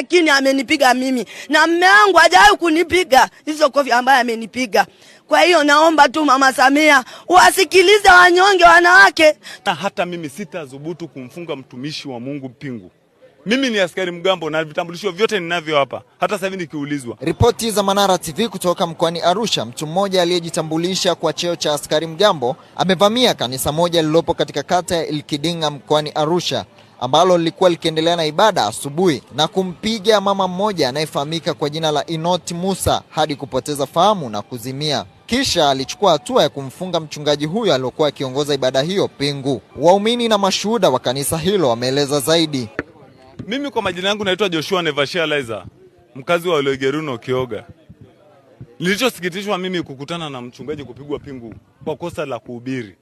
Lakini amenipiga mimi na mme wangu hajawahi kunipiga hizo kofi ambaye amenipiga. Kwa hiyo naomba tu Mama Samia wasikilize wanyonge wanawake. Na hata mimi sitadhubutu kumfunga mtumishi wa Mungu pingu. Mimi ni askari mgambo na vitambulisho vyote ninavyo hapa, hata sasa hivi nikiulizwa. Ripoti za Manara TV kutoka mkoani Arusha. Mtu mmoja aliyejitambulisha kwa cheo cha askari mgambo amevamia kanisa moja lililopo katika kata ya Ilkidinga mkoani Arusha ambalo lilikuwa likiendelea na ibada asubuhi na kumpiga mama mmoja anayefahamika kwa jina la Inot Musa hadi kupoteza fahamu na kuzimia. Kisha alichukua hatua ya kumfunga mchungaji huyo aliyokuwa akiongoza ibada hiyo pingu. Waumini na mashuhuda wa kanisa hilo wameeleza zaidi. Mimi kwa majina yangu naitwa Joshua Nevashia Liza, mkazi wa Olegeruno Kioga. Nilichosikitishwa mimi kukutana na mchungaji kupigwa pingu kwa kosa la kuhubiri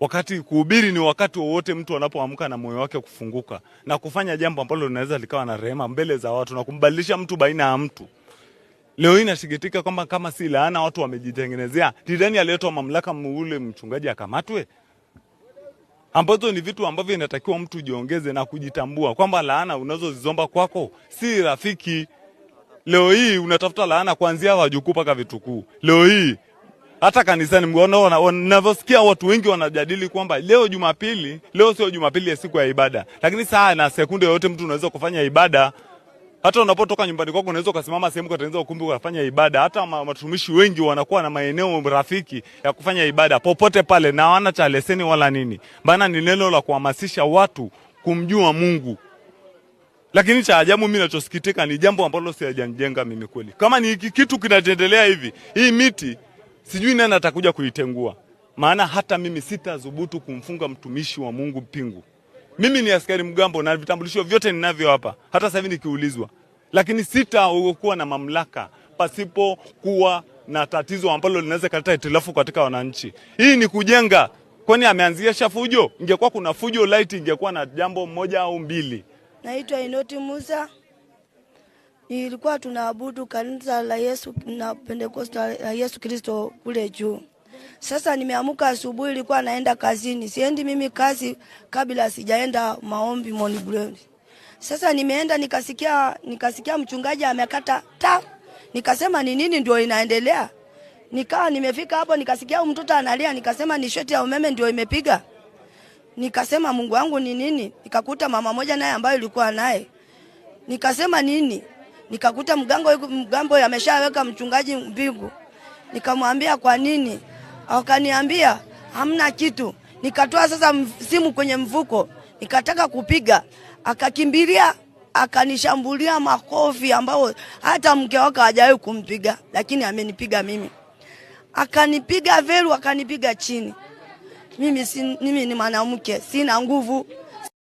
wakati kuhubiri ni wakati wowote mtu anapoamka na moyo wake kufunguka na kufanya jambo ambalo linaweza likawa na rehema mbele za watu na kumbadilisha mtu baina ya mtu. Leo hii nasikitika kwamba kama si laana watu wamejitengenezea. Tidani aliletwa mamlaka muule mchungaji akamatwe, ambazo ni vitu ambavyo inatakiwa mtu jiongeze na kujitambua kwamba laana unazozizomba kwako si rafiki. Leo hii unatafuta laana kuanzia wajukuu mpaka vitukuu. Leo hii hata kanisani mgono unavyosikia watu wengi wanajadili kwamba leo Jumapili, leo sio Jumapili ya siku ya ibada, lakini saa na sekunde yoyote mtu unaweza kufanya ibada. Hata unapotoka nyumbani kwako unaweza ukasimama sehemu ukatengeneza ukumbi ukafanya ibada. Hata watumishi wengi wanakuwa na maeneo rafiki ya kufanya ibada popote pale, na wana cha leseni wala nini. Maana ni neno la kuhamasisha watu kumjua Mungu. Lakini cha ajabu mimi ninachosikitika ni jambo ambalo sijajenga mimi kweli. Kama ni kitu kinaendelea hivi, hii miti Sijui nani atakuja kuitengua, maana hata mimi sitadhubutu kumfunga mtumishi wa Mungu pingu. Mimi ni askari mgambo na vitambulisho vyote ninavyo hapa, hata sasa hivi nikiulizwa, lakini sitakuwa na mamlaka pasipo kuwa na tatizo ambalo linaweza kuleta itilafu katika wananchi. Hii ni kujenga, kwani ameanzisha fujo? Ingekuwa kuna fujo light, ingekuwa na jambo moja au mbili. Naitwa Inoti Musa ilikuwa tunaabudu kanisa la Yesu na Pentekosta la Yesu Kristo kule juu. Sasa nimeamka asubuhi, ilikuwa naenda kazini. Siendi mimi kazi kabla sijaenda maombi morning glory. Sasa nimeenda nikasikia, nikasikia mchungaji amekata ta, nikasema ni nini ndio inaendelea. Nikawa nimefika hapo nikasikia mtoto analia, nikasema ni shoti ya umeme ndio imepiga. Nikasema Mungu wangu ni nini? Nikakuta mama moja naye ambayo ilikuwa naye, nikasema nini nikakuta mgango mgambo ameshaweka mchungaji mbingu. Nikamwambia kwa nini? Akaniambia hamna kitu. Nikatoa sasa simu kwenye mfuko, nikataka kupiga, akakimbilia akanishambulia makofi ambayo hata mke wake hajawahi kumpiga, lakini amenipiga mimi. Akanipiga veru, akanipiga chini. Mimi si, mimi ni mwanamke, sina nguvu.